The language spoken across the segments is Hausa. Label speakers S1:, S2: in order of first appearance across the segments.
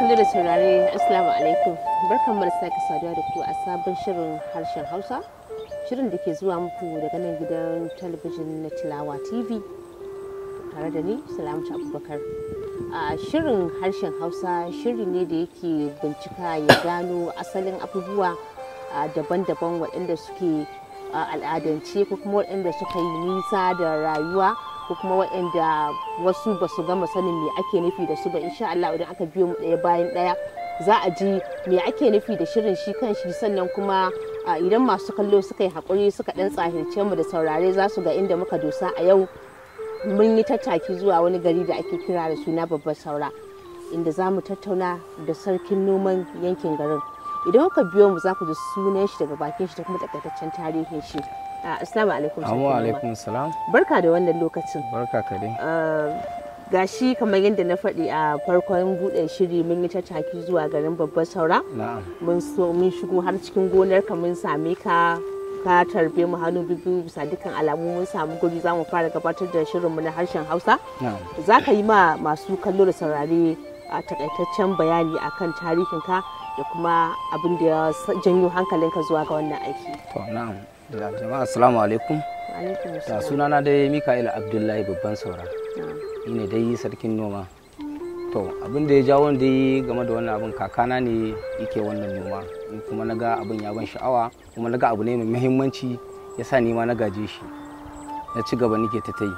S1: masu da saurare assalamu alaikum barkan da sake saduwa da ku a sabon shirin harshen hausa shirin da ke zuwa muku daga nan gidan talabijin na tilawa tv tare da ni salamatu abubakar a shirin harshen hausa shiri ne da yake bincika ya gano asalin abubuwa daban-daban waɗanda suke al'adance ko kuma waɗanda suka yi nisa da rayuwa ko kuma waɗanda wasu ba su gama sanin me ake nufi da su ba insha Allah idan aka biyo mu ɗaya bayan ɗaya za a ji me ake nufi da shirin shi kan shi sannan kuma idan masu kallo suka yi haƙuri suka ɗan tsahirce mu da saurare za su ga inda muka dosa a yau mun yi tattaki zuwa wani gari da ake kira da suna babbar saura inda za mu tattauna da sarkin noman yankin garin idan kuka biyo mu za ku ji sunan shi daga bakin shi da kuma takaitaccen tarihin shi Ah, assalamu alaikum. Assalamu alaikum salam. Barka da wannan lokacin. Barka ka dai. Ah, gashi kamar yadda na faɗi a farkon buɗe shiri mun yi tattaki zuwa garin babban saura mun so mun shigo har cikin gonar ka mun same ka ka tarbe mu hannu biyu bisa dukkan alamu mun samu guri zamu fara gabatar da shirin mu na harshen hausa za ka yi ma masu kallo da saurare a ah, takaitaccen bayani akan tarihin ka da kuma abin da ya janyo hankalinka zuwa ga wannan
S2: aiki. jama'a assalamu alaikum ta sunana dai mika'il abdullahi babban saura ni ne dai sarkin noma to abin da ya jawo da dai game da wannan abin kakana ne yake wannan noma kuma na ga abin ya ban sha'awa kuma na ga abu ne mai muhimmanci ya sa ni ma na gaje shi na ci gaba nake ta ta yi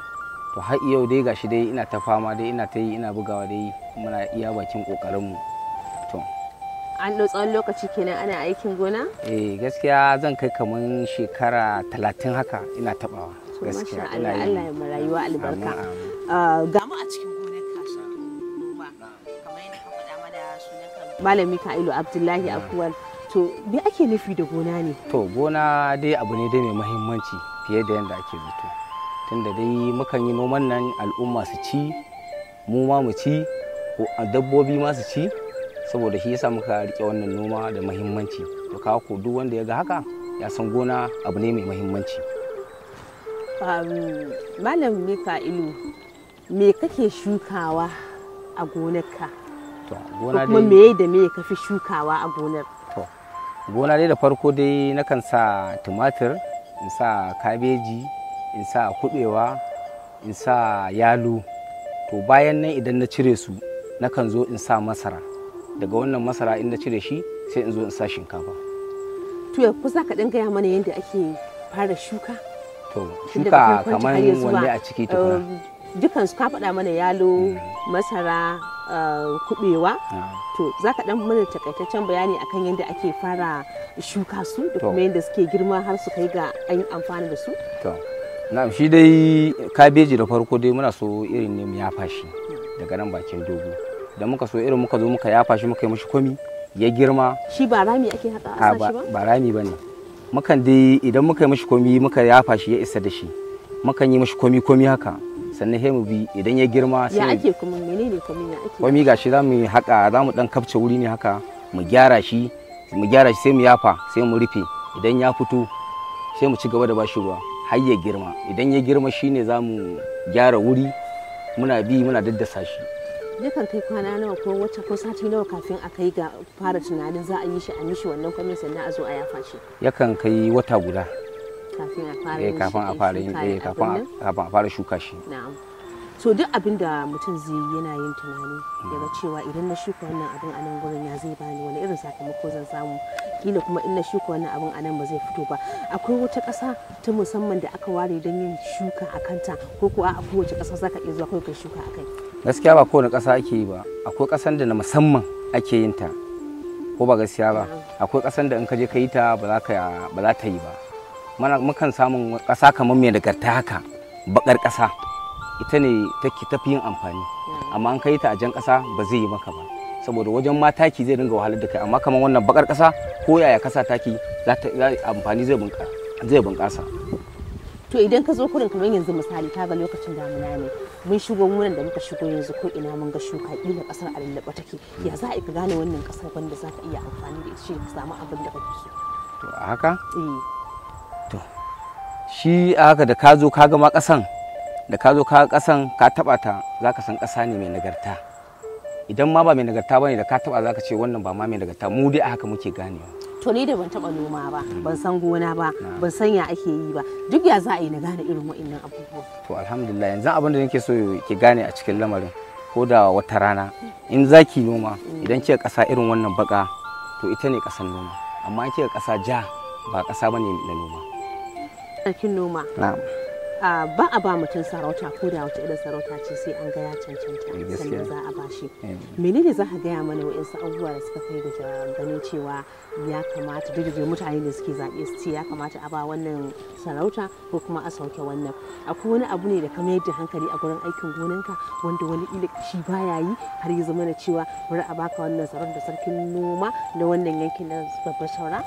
S2: to har yau dai gashi dai ina ta fama dai ina ta yi ina bugawa dai muna iya bakin kokarinmu mu
S1: an tsawon lokaci kenan ana aikin gona?
S2: eh gaskiya zan kai kamar shekara talatin haka ina tabawa gaskiya yi Allah ya marayuwa albarka
S1: ah, ga mu a cikin gonar kasuwa kamar yadda ka faɗa mana sunan malami Ka'ilu Abdullahi Akwal to me ake nufi da gona ne to
S2: gona dai abu ne dai mai muhimmanci fiye da yadda ake zato tunda dai mukan yi noman nan al'umma su ci mu ma mu ci dabbobi ma su ci saboda shi yasa muka rike wannan noma da mahimmanci to kawo ko duk wanda ya ga haka ya san gona abu ne mai mahimmanci
S1: malam mika'ilu me kake shukawa a gonarka
S2: kuma me
S1: da me ka fi shukawa a gonar
S2: gona dai da farko dai nakan sa tumatir in sa kabeji in sa kubewa in sa yalo to bayan nan idan na cire su nakan zo in sa masara daga wannan masara in na cire shi sai in zo in sa shinkafa
S1: to ya kusa ka dinga ya mana yadda ake fara shuka
S2: to shuka kamar wanda a ciki tukuna
S1: um, dukan su ka faɗa mana yalo hmm. masara uh, kubewa ah. to za ka dan mana takaitaccen bayani akan yadda ake fara shuka su da kuma yadda suke girma har su kai ga an amfana da su
S2: to na'am shi dai kabeji da farko dai muna so irin ne mu yafa shi daga nan bakin dogo da muka so irin muka zo muka yafa shi muka yi mashi komi ya girma
S1: shi ba rami ake haka a ba
S2: ba rami bane mukan dai idan muka yi mashi komi muka yafa shi ya isa da shi mukan yi mashi komi komi haka sannan hemu mu bi idan ya girma sai ya ake
S1: kuma menene komi ya ake
S2: komi gashi za mu haka zamu dan kafce wuri ne haka mu gyara shi mu gyara shi sai mu yafa sai mu rufe idan ya fito sai mu ci gaba da bashi ruwa har ya girma idan ya girma shine zamu gyara wuri muna bi muna daddasa shi
S1: yakan kai kwana nawa ko wacce ko sati nawa kafin a kai ga fara tunanin za a yi shi a nishi wannan kwamin sannan a zo a yafa shi
S2: yakan kai wata guda
S1: kafin a fara yin kafin
S2: a fara shuka shi
S1: so duk abin da mutum zai yana yin tunani daga cewa idan na shuka wannan abin a nan gurin ya zai bani wani irin sakamako zan samu kila kuma in na shuka wannan abin a nan ba zai fito ba akwai wata kasa ta musamman da aka ware don yin shuka a kanta ko kuwa a kowace ƙasa zaka iya zuwa kai shuka a kai
S2: gaskiya ba kowane ƙasa ake yi ba akwai ƙasan da na musamman ake yin ta ko ba gaskiya ba akwai ƙasan da in ka je ka yi ta ba za ta yi ba mukan samun ƙasa kamar mai nagarta haka baƙar ƙasa ita ne take tafi yin amfani amma an ka yi ta a jan ƙasa ba zai yi maka ba saboda wajen ma taki zai dinga wahalar da kai amma kamar wannan baƙar ƙasa ko yaya ƙasa taki amfani zai bunƙasa
S1: to idan ka zo kurin kamar yanzu misali kaga lokacin damuna ne mun shigo wurin da muka shigo yanzu ko ina mun ga shuka kila kasar a lallaba take ya za a ka gane wannan kasar wanda za ka iya amfani da shi ka samu abin da kake so to a haka eh
S2: to shi a haka da ka zo ka ga ma kasan da ka zo ka kasan ka taba ta za ka san kasa ne mai nagarta idan ma ba mai nagarta bane da ka taba za ka ce wannan ba ma mai nagarta mu dai a haka muke ganewa
S1: to ni da ban taba noma ba mm. ban san gona ba ban san ya ake yi ba duk ya za a yi na gane irin wa'annan abubuwa
S2: to alhamdulillah yanzu abin da nake so ki gane a cikin lamarin ko da wata rana in zaki noma mm. idan kika kasa irin wannan baka to ita ne kasan noma amma kika kasa ja ba kasa bane
S1: na noma sarkin noma na'am ba a ba mutum sarauta ko da wace irin sarauta ce sai an gaya cancanta eh, sannan za a bashi eh. menene za ka gaya mana yansu abubuwa da suka kai da ganin cewa ya kamata duk da mutane da suke zaɓe su ce ya kamata a ba wannan sarauta ko kuma a sauke wannan akwai wani abu ne da ka mayar da hankali a gurin aikin gonanka wanda wani ila shi baya yi har ya zama na cewa bari a baka wannan sarauta da sarkin noma na wannan yankin na babbar saura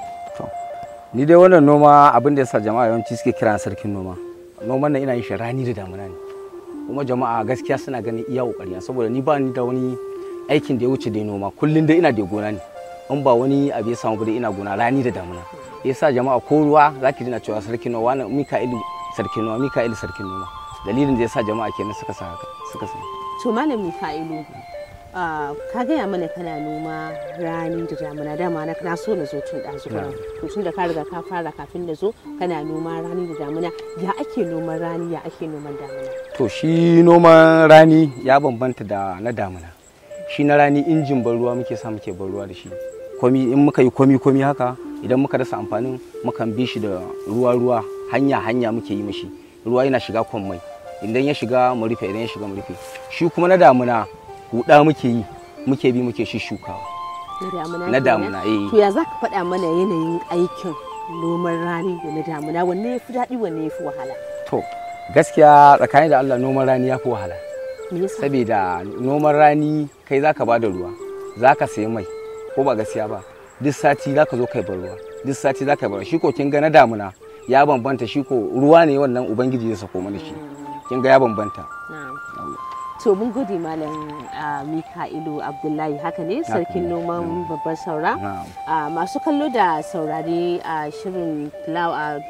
S2: ni dai wannan noma abin da ya sa jama'a yawanci suke kira sarkin noma noman nan ina yin shi rani da damuna ne kuma jama'a gaskiya suna ganin iya kokari saboda ni ba ni da wani aikin da ya wuce da noma kullun dai ina da gona ne in ba wani abu ya samu ba ina gona rani da damuna yasa jama'a ko ruwa zaki dina cewa sarkin noma na Mika'ilu sarkin noma Mika'ilu sarkin noma dalilin da yasa jama'a kenan suka sa haka suka sa
S1: to malam Mika'ilu Ah, ka gaya mana kana noma rani da damuna dama na kana so na zo tun ɗazu to tun da ka riga ka fara kafin na zo kana noma rani da damuna ya ake noman rani ya ake noman damuna
S2: to shi noman rani ya bambanta da na damuna shi na rani injin ban ruwa muke sa muke ban ruwa da shi komi in muka yi komi komi haka idan muka rasa amfanin mukan bi shi da ruwa ruwa hanya hanya muke yi mishi ruwa yana shiga kwan mai idan ya shiga mu rufe idan ya shiga mu rufe shi kuma na damuna huda muke yi muke bi muke shukawa
S1: na damuna eh to ya zaka faɗa mana yanayin aikin noman rani da na damuna wanne ya fi daɗi wanne ya fi wahala
S2: to gaskiya tsakanin da Allah noman rani ya fi wahala saboda noman rani kai zaka bada ruwa zaka sayi mai ko ba gaskiya ba duk sati zaka zo kai ruwa duk sati zaka bar shi ko kin ga na damuna ya bambanta shi ko ruwa ne wannan ubangiji ya sako mana shi hmm. kin ga ya bambanta
S1: to mun gode malam ah, mika'ilu abdullahi haka ne sarkin noman mm. babbar saura ah, masu kallo da saurari a ah, shirin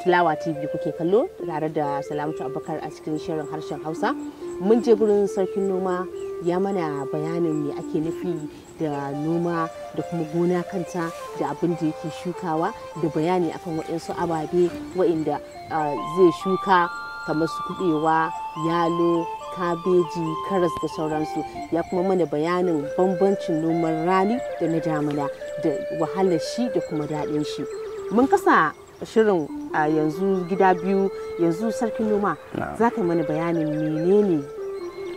S1: tulawa tv kuke kallo tare da salamatu abubakar a cikin shirin harshen hausa mun je gurin sarkin noma ya mana bayanin me ake nufi da noma da kuma gona kanta da abin da yake shukawa da bayani akan waɗansu ababe waɗanda zai shuka kamar su kuɓewa yalo kabeji karas da sauransu ya kuma mana bayanin bambancin noman rani da na damina da wahalar shi da kuma daɗin shi mun kasa shirin a yanzu gida biyu yanzu sarkin noma za ka mana bayanin menene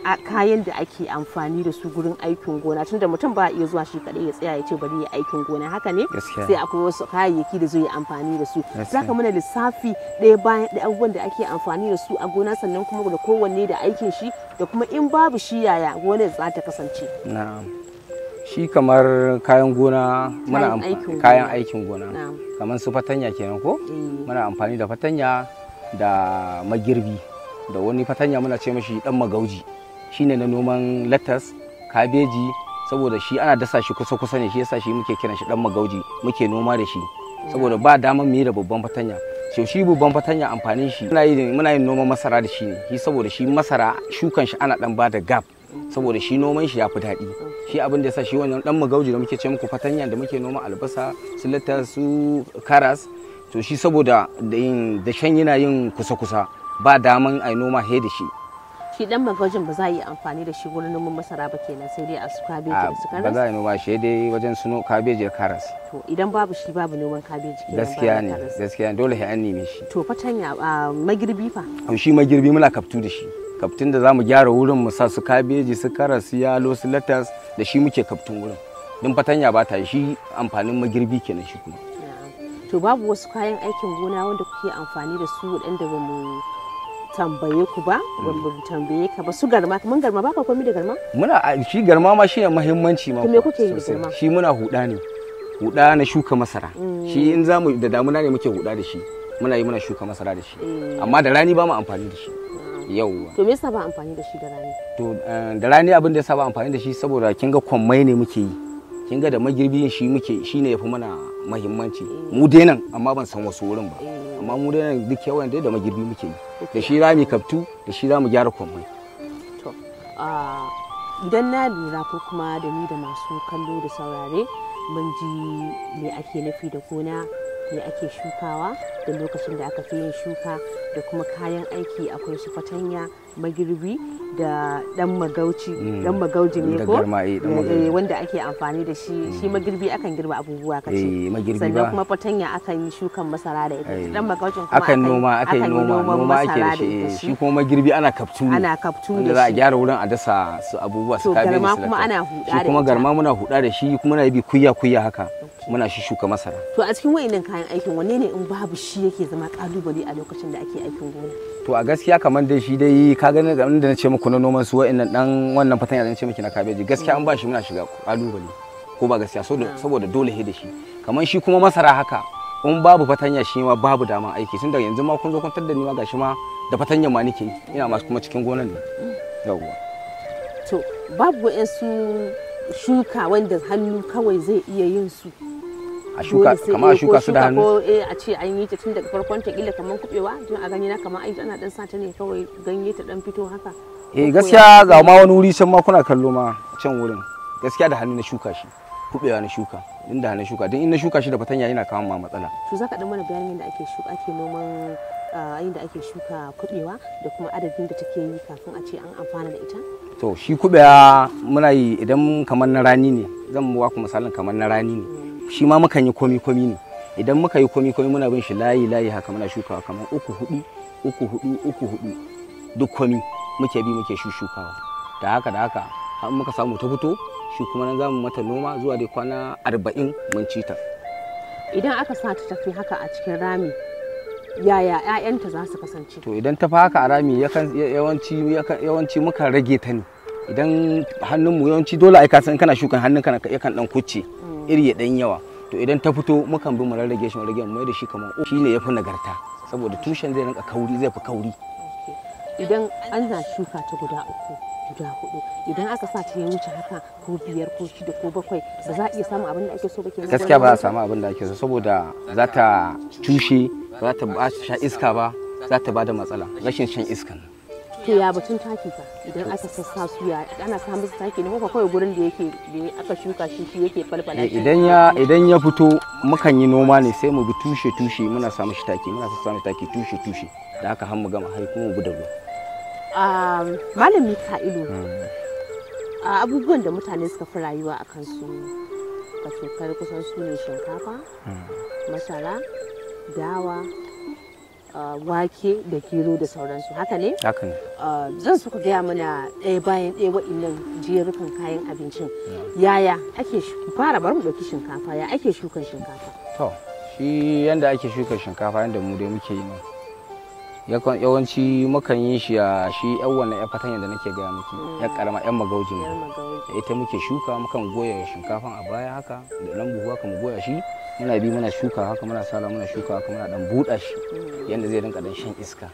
S1: a kayan da ake amfani da su gurin aikin gona tunda mutum ba iya zuwa shi kaɗai ya tsaya ya ce bari ya aikin gona haka ne sai akwai wasu kayayyaki da zai yi amfani da su zaka mana lissafi ɗaya bayan ɗaya abubuwan da ake amfani da su a gona sannan kuma da kowanne da aikin shi da kuma in babu shi yaya gonar za ta kasance
S2: shi kamar kayan gona muna kayan aikin gona kamar su fatanya kenan ko eh. muna amfani da fatanya da magirbi da wani fatanya muna ce mashi dan magauji shine na noman latas kabeji saboda shi ana dasa shi kusa kusa ne shi yasa shi muke kiran shi dan magauji muke noma da shi saboda ba daman mu yi da babban fatanya so shi babban fatanya amfanin shi muna yin muna yin noman masara da shi ne shi saboda shi masara shukan shi ana dan ba da gap saboda shi noman shi yafi daɗi shi abin da yasa shi wannan dan magauji da muke ce muku fatanya da muke noma albasa su latas su karas to shi saboda da yin da shan yana yin kusa kusa ba daman ai noma he da shi
S1: shi dan magwajin ba za a yi amfani da shi wurin noman masara ba kenan sai dai a su kabeji da su karas ba za a yi
S2: noma shi dai wajen suno kabeji da karas
S1: to idan babu shi babu noman kabeji kenan gaskiya ne
S2: gaskiya dole sai an neme shi
S1: to ya magirbi fa
S2: to shi magirbi muna kaftu da shi kaftun da zamu gyara wurin mu sa su kabeji su karas yalo su latas da shi muke kaftun wurin din fatanya ba ta shi amfanin magirbi kenan shi kuma
S1: to babu wasu kayan aikin gona wanda kuke amfani da su waɗanda ba mu tambaye ku ba wanda mm. tambaye ka ba su garma mun garma ba ka komi da garma
S2: muna shi garma ma shine muhimmanci ma kuma kuke yi garma shi muna huda ne huda na shuka masara mm. shi in zamu da damuna ne muke huda da shi muna yi muna shuka masara da shi
S1: eh. amma da rani
S2: ba mu amfani da shi ah. yauwa
S1: to me yasa ba amfani da shi da rani
S2: to eh, da rani abin da yasa ba amfani da shi saboda kinga ga kwammai ne muke yi kinga da magirbi shi muke shine yafi mana mahimmanci mu dai nan amma ban san wasu wurin ba amma mu dai nan duk yawan dai da magirbi muke yi da shi za mu kaftu da shi za mu gyara komai
S1: to idan na lura ko kuma da ni da masu kallo da saurare mun ji me ake nufi da gona me ake shukawa da lokacin da aka fi yin shuka da kuma kayan aiki akwai su fatanya magirbi da dan magauci mm. dan magauji ne ko eh, eh, wanda ake amfani da shi mm. shi magirbi akan girba abubuwa kace
S2: eh, sannan kuma
S1: fatanya akan yi shukan masara da ita dan magauci kuma akan noma akan noma noma ake da shi shi
S2: kuma magirbi ana kaftu ana kaftu da za a gyara wurin a dasa su abubuwa su kabe shi kuma garma muna huda da shi kuma na bi kuyya-kuyya haka muna shuka masara
S1: to a cikin wayannan kayan aikin wanne ne in babu shi yake zama kalubale a lokacin da ake aikin gona
S2: to a gaskiya kamar dai shi dai ka gani da na ce muku na noman su wayannan dan wannan fatan yanzu ce miki na kabeji gaskiya an ba shi muna shiga kalubale ko ba gaskiya mm. saboda dole he da shi kamar shi kuma masara haka in babu fatanya shi ma babu daman aiki tun daga yanzu ma kun zo kwantar da ni ma gashi ma da fatanya ma nake ina masu kuma cikin gonan ne mm. yawwa
S1: to babu wa'yansu shuka wanda hannu kawai zai iya yin su a shuka kamar a shuka su da hannu ko eh a ce an yi ta tun daga farkon ta kila kamar kubewa don a gani na kamar ai ana dan sata ne kawai ganye ta dan fito haka eh gaskiya ga ma wani
S2: wuri can ma kuna kallo ma can wurin gaskiya da hannu na shuka shi kubewa na shuka din da na shuka din in na shuka shi da fatanya yana kawo ma matsala
S1: to zaka dan mana bayanin da ake shuka ake noman ah, da ake shuka kubewa da kuma adadin da take yi kafin a ce an amfana da ita
S2: to shi kubewa muna yi idan kamar na rani ne zan ba ku misalin kamar na rani ne mm. shi ma mukan yi komi komi ne idan muka yi komi komi muna bin shi layi layi haka muna shukawa kamar uku hudu uku hudu uku hudu duk komi muke bi muke shukawa da haka da haka har muka samu ta fito shi kuma nan zamu mata noma zuwa dai kwana arba'in mun ci ta
S1: idan aka sa ta tafi haka a cikin rami yaya 'ya'yanta za su kasance
S2: to idan ta fa haka a rami yawanci yawanci muka rage ta ne idan hannunmu yawanci dole ai ka san kana shukan hannunka yakan dan kucce mm. iri ya dan yawa to idan ta fito mukan bi mu rarrage shi mu rage mu da shi kamar o shi ne yafi nagarta saboda tushen zai rinka kauri zai fi kauri
S1: idan ana shuka ta guda uku guda hudu idan aka sa ta ya wuce haka ko biyar ko shida ko bakwai ba za a iya samun abin da ake so ba kenan gaskiya ba za a samu
S2: abin da ake so saboda za ta tushe ba za ta ba sha iska ba za ta ba da matsala rashin shan iskan
S1: to ya batun taki ka idan aka sassa su ya ana sa musu taki ne ko kawai gurin da yake da aka shuka shi shi yake falfala eh, idan
S2: ya idan ya fito mukan yi noma ne sai mu bi tushe tushe muna sa mishi taki muna sassa mishi taki tushe tushe da haka har mu gama har kuma mu bi da ruwa
S1: malami hmm. abubuwan da mutane suka fi rayuwa a kansu ka shekar kusan su ne shinkafa hmm. masara dawa wake da kilo da sauransu haka ne? haka ne zan suka gaya mana ɗaya bayan ɗaya waɗannan jerukan kayan abincin yaya ake fara bari mu ɗauki shinkafa ya ake shukan shinkafa
S2: to shi yanda ake shuka shinkafa yanda mu dai muke yi yawanci mukan yi shi a shi yan wannan ya fatanya da nake gaya miki ya karama yan magaujin ita muke shuka mukan goya shinkafan a baya haka da nan buhu haka mu goya shi muna bi muna shuka haka muna sara muna shuka haka muna dan buɗa shi yanda zai rinka dan shan iska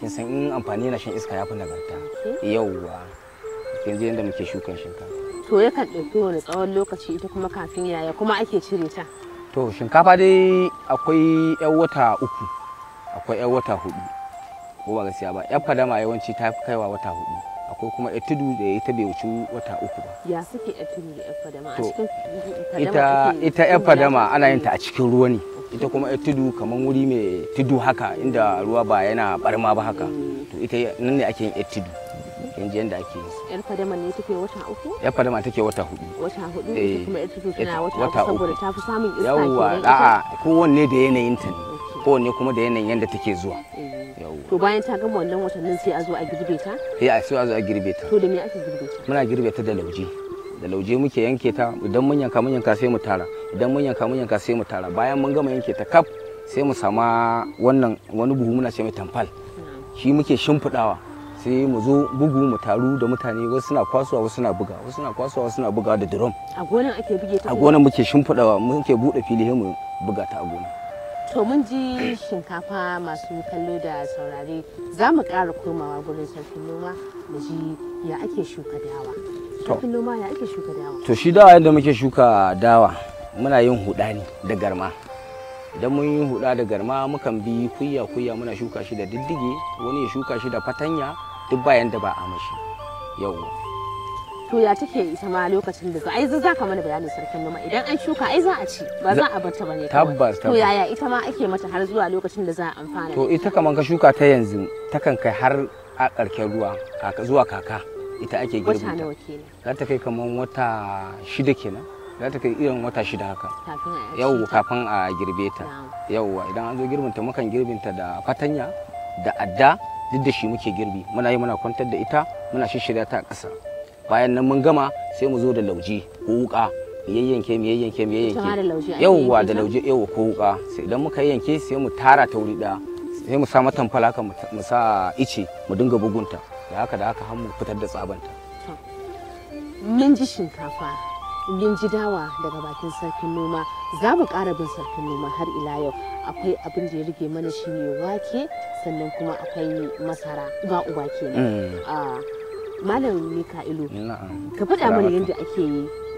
S2: kin san in amfani yana shan iska ya fi nagarta yauwa yanzu yanda muke shukan shinkafa
S1: to yakan ɗauki wani tsawon lokaci ita kuma kafin yaya kuma ake cire ta
S2: to shinkafa dai akwai yan wata uku akwai yan wata hudu ko ba gaskiya ba yan fadama yawanci ta fi kaiwa wata hudu akwai kuma ya tudu da ita bai wuce wata uku ba
S1: ya suke ya tudu da fadama a cikin ita ita ya fadama
S2: ana yin ta a cikin ruwa ne ita kuma ya tudu kamar wuri mai tudu haka inda ruwa ba yana barma ba haka to ita nan ne ake yin ya tudu yanzu yadda ake yi
S1: yar fadama ne take wata uku
S2: yar fadama take wata hudu
S1: wata hudu eh, ita kuma ya tudu tana wata uku saboda ta fi samun iska yawa a'a
S2: kowanne da yanayin ta ne kowanne kuma da yanayin yanda take zuwa eh.
S1: to bayan ta gama wannan watannin sai a zo a girbe ta
S2: eh a sai a zo a girbe ta
S1: to da me ake girbe ta
S2: muna girbe ta da lauje da lauje muke yanke ta idan mun yanka mun yanka sai mu tara idan mun yanka mun yanka sai mu tara bayan mun gama yanke ta kaf sai mu sama wannan wani buhu muna ce mai tamfal shi muke shimfidawa sai mu zo bugu mu taru da mutane wasu suna kwasuwa wasu suna buga wasu suna kwasuwa wasu suna buga da drum
S1: a gonan ake buge ta a gonan muke
S2: shimfidawa muke bude fili mu buga ta a gonan
S1: to mun ji shinkafa masu kallo da saurare za mu ƙara komawa gurin sarkin noma mu ji ya ake shuka dawa sarkin noma ya ake shuka dawa
S2: to shi dawa yadda muke shuka dawa muna yin huɗa ne da garma idan mun yi huɗa da garma mukan bi kuyya kuyya muna shuka shi da diddige wani ya shuka shi da fatanya duk bayan da ba a mashi yau
S1: to ya take ita ma lokacin da za a yi za ka mana bayanin sarkin noma idan an shuka ai za a ci ba za a barta bane tabbas to yaya ita ma ake mata har zuwa lokacin da za a amfana to
S2: ita kaman ka shuka ta yanzu takan kai har a karken ruwa zuwa kaka ita ake girbi wata nawa kenan za ta kai kaman wata shida kenan za ta kai irin wata shida haka yau kafin a girbe ta yauwa idan an zo ta mukan girbin ta da fatanya da adda duk da shi muke girbi muna yi muna kwantar da ita muna shishirya ta a ƙasa bayan nan mun gama sai mu zo da lauje ko wuka mu yayyanke mu yayyanke mu yayyanke yawwa da lauje yawwa ko wuka sai idan muka yayyanke sai mu tara ta wuri daya sai mu sa mata falaka mu sa ice mu dinga bugunta da haka da haka har mu fitar da tsabanta
S1: mun ji shinkafa mun ji dawa daga bakin sarkin noma za mu ƙara bin sarkin noma har ila yau akwai abin da ya rige mana ne wake sannan kuma akwai masara ba uba kenan mm. ah, malam mika'ilu
S2: ka faɗa mana yadda
S1: ake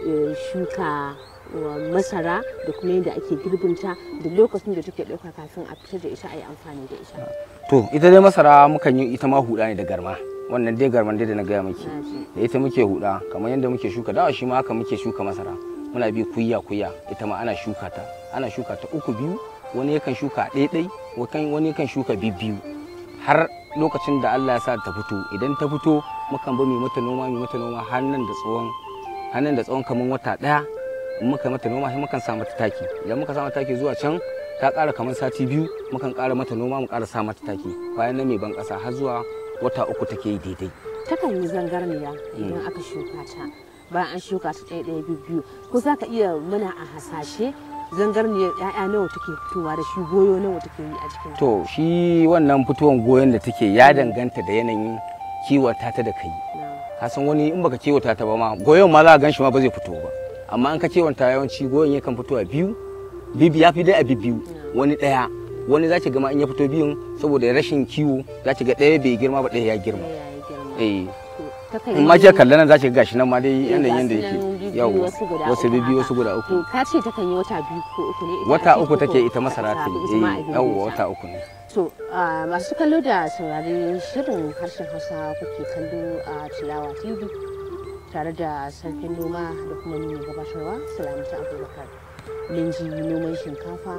S1: eh, shuka eh, masara da kuma yadda ake girbinta da lokacin da take ɗauka kafin a fitar da ita a yi amfani da ita
S2: to ita dai masara mukan yi ita ma huɗa ne da garma wannan dai garman dai da na gaya miki da ita muke huɗa kamar yadda muke shuka dawa shi ma haka muke shuka masara muna bi kuya kuya ita ma ana shuka ta ana shuka ta uku biyu wani yakan shuka ɗaya ɗai wani yakan shuka biyu har lokacin da Allah ya sa ta fito idan ta fito mukan ba mai mata noma mai mata noma har nan da tsawon har nan da tsawon kamar wata daya muka mata noma sai mukan sa mata taki idan muka sa mata taki zuwa can ta ƙara kamar sati biyu mukan ƙara mata noma mu kara sa mata taki bayan na mai ban ƙasa har zuwa wata uku take daidai
S1: takan yi zangarniya idan mm. aka shuka ta bayan an shuka ta ɗaya ɗaya biyu ko za ka iya muna a hasashe zangar ne ya'ya nawa take fitowa da shi goyo nawa take yi a cikin
S2: to shi wannan fitowar goyon da take ya mm. danganta da yanayin kiwon ta da kai ka san wani in baka kiwon ta ba ma goyon ma za a gan shi ma ba zai fito ba amma an ka kiwata yawanci goyon yakan fito a biyu bibi ya fi dai a biyu wani daya wani za ki gama in ya fito biyun saboda rashin kiwo za ki ga daya bai girma ba daya ya girma eh
S1: in ma ki kallan
S2: nan za ki ga shi nan ma dai eh, yanayin yanda yake biyu wasu guda wasu wasu guda uku
S1: ka ce ta kan yi wata biyu ko uku ne wata uku take ita masara ta yi yawwa wata uku ne to ah, masu kallo da saurari shirin harshen hausa kuke kallo a tilawa tv tare da sarkin noma da kuma ni mai gabatarwa salamatu abubakar mun ji noman shinkafa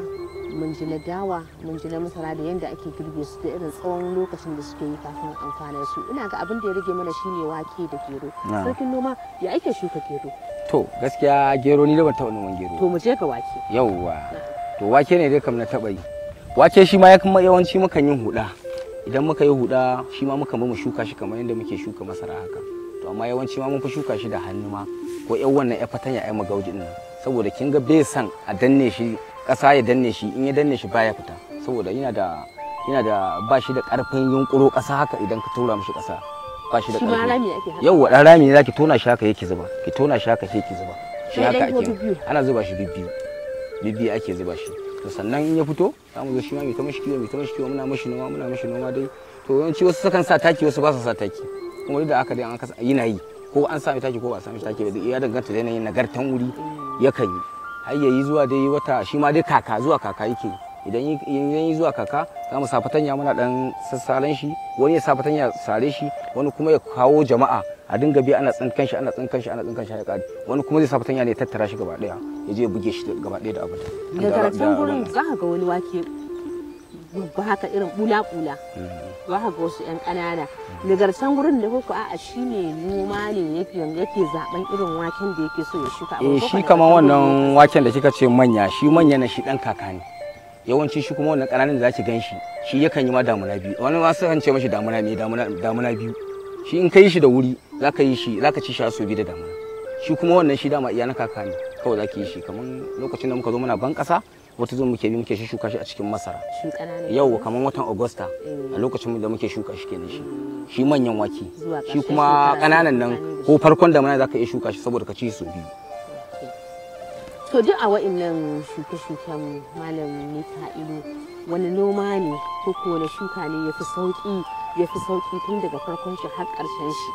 S1: mun ji na dawa mun ji na masara da yadda ake girbe su da irin tsawon lokacin da suke yi kafin amfanar su ina ga abin da ya rage mana shine wake da gero sarkin noma ya ake shuka gero
S2: to gaskiya gero ni da ban taɓa noman gero to
S1: mu je ka wake
S2: yawwa to wake ne dai kam na taɓa yi wake shi ma ya kuma yawanci mukan yin huda idan muka yi huda shi ma muka mu shuka shi kamar yadda muke shuka masara haka to amma yawanci ma mun fi shuka shi da hannu ma ko yan wannan ya fatanya ya magauji din saboda kin ga bai san a danne shi ƙasa ya danne shi in ya danne shi baya fita saboda yana da yana da ba shi da ƙarfin yunƙuro ƙasa haka idan ka tura mishi kasa. ba shi da ƙarfi yauwa ɗan rami ne zaki tona shi haka yake zuba ki tona shi haka sai ki zuba
S1: shi haka ake
S2: ana zuba shi bibbiyu bibbiyu ake zuba shi to sannan in ya fito za mu zo shi ma mai ta mashi kiwo mai ta mashi kiwo muna mashi noma muna mashi noma dai to yawanci wasu sukan sa taki wasu ba su sa taki kuma duk da haka dai an kasa yana yi ko an sa sami taki ko ba a sami taki ba ya danganta da yanayin nagartan wuri yakan yi har yayi zuwa dai wata shi ma dai kaka zuwa kaka yake yi idan yi zuwa kaka za mu safatanya muna dan sassalen shi wani ya safatanya sare shi wani kuma ya kawo jama'a a dinga bi ana tsinkan shi ana tsinkan shi ana tsinkan shi ya kare wani kuma zai safatanya fatanya ne tattara shi gaba daya ya je ya buge shi gaba daya da abin da karatun gurin za
S1: ka ga wani wake ba haka irin bula bula mm. za ka ga wasu yan kanana nagartan gurin da kuka a'a shi ne noma ne yake yake zaben irin waken da yake so ya shuka eh shi kaman wannan
S2: waken da kika ce manya shi manya na shi dan kaka ne yawanci shi kuma wannan ƙananan da zaki ganshi shi yakan yi ma damuna biyu wani ma sai ce mashi damuna mai damuna biyu shi in ka yi shi da wuri zaka yi shi zaka ci shi aso biyu da damuna shi kuma wannan shi dama iya na kaka ne kawai zaki yi shi kamar lokacin da muka zo muna ban ƙasa wata zo muke bi muke shi shuka shi a cikin masara yau kamar watan agusta eh. a lokacin da muke shuka shi kenan shi shi manyan wake shi kuma ƙananan nan ko farkon damuna zaka iya shuka shi saboda ka ci su biyu
S1: to duk a wa'annan shuke-shuken malam mika'ilu wani noma ne ko ko wani shuka ne ya fi sauki ya fi sauki tun daga farkon shi har ƙarshen shi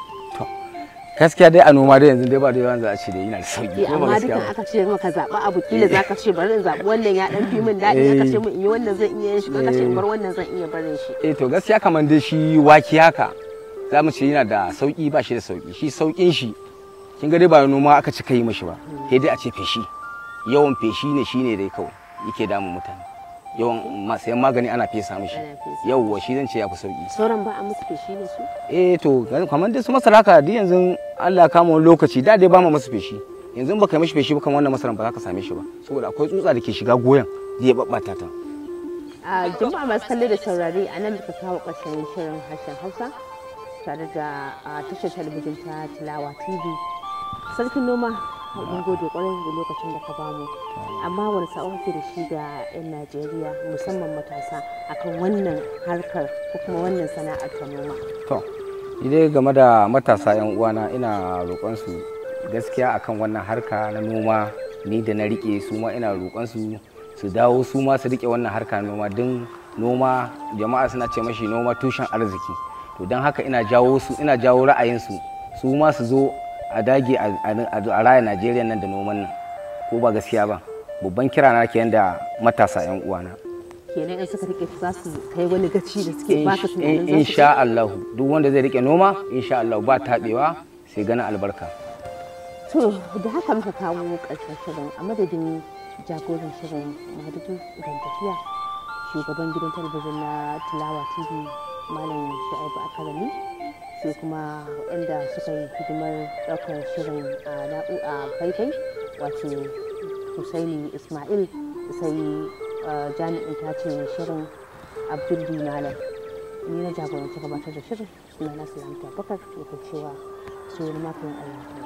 S2: gaskiya dai a noma dai yanzu dai ba da yawan za a ce dai yana da sauki eh, ko ba gaskiya amma
S1: aka ce maka zaɓa abu kila zaka ce bari in zaɓi wannan ya dan fi min daɗi aka ce min in yi wannan zan iya shi ka ce in bar wannan zan iya barin shi
S2: eh to gaskiya kamar dai shi waki haka za mu ce yana da sauki ba shi da sauki shi saukin shi kin ga dai ba noma aka ci yi mishi ba sai dai a ce feshi yawan feshi ne shine dai kawai yake damun mutane yawan sayan magani ana fesa mishi yawwa shi zan ce ya fi sauki
S1: sauran ba a musu feshi ne su
S2: eh to kamar dai su masara ka duk yanzu Allah kama wani lokaci da dai ba mu musu feshi yanzu ba kai mishi feshi ba kan wannan masaran ba za ka same shi ba saboda akwai tsutsa da ke shiga goyon zai babbata ta
S1: a jama'a masu kallo da saurare a nan muka kawo ƙarshen shirin harshen Hausa tare da tashar talabijin ta Tilawa TV sarkin noma mun gode kwarai da lokacin da ka bamu amma wani sa'o ke da shi ga 'yan najeriya musamman matasa akan wannan harkar ko kuma wannan sana'ar ta noma
S2: to idai game da matasa 'yan uwana ina roƙon su gaskiya akan wannan harka na noma ni da na rike su ma ina roƙon su su dawo su ma su rike wannan harka noma don noma jama'a suna ce mashi noma tushen arziki to don haka ina jawo su ina jawo ra'ayin su su ma su zo a dage a raya najeriya nan da noman nan ko ba gaskiya ba babban kira na ke da matasa yan uwana
S1: kenan in suka rike za su kai wani gaci da suke ba su tunanin za insha
S2: Allah duk wanda zai rike noma insha Allah ba tabewa sai gana albarka
S1: to da haka muka kawo ƙarshen shirin a madadin jagoran shirin madadin gantafiya shugaban gidan talabijin na tilawa tv malam shu'aibu akalami sai kuma inda suka yi hidimar daukar shirin a na'u a faifai wato husaini ismail sai jami'in tace shirin abdul malam ni na jagoranci gabatar da shirin suna na siyan bakar da cewa su wani makon ayyukan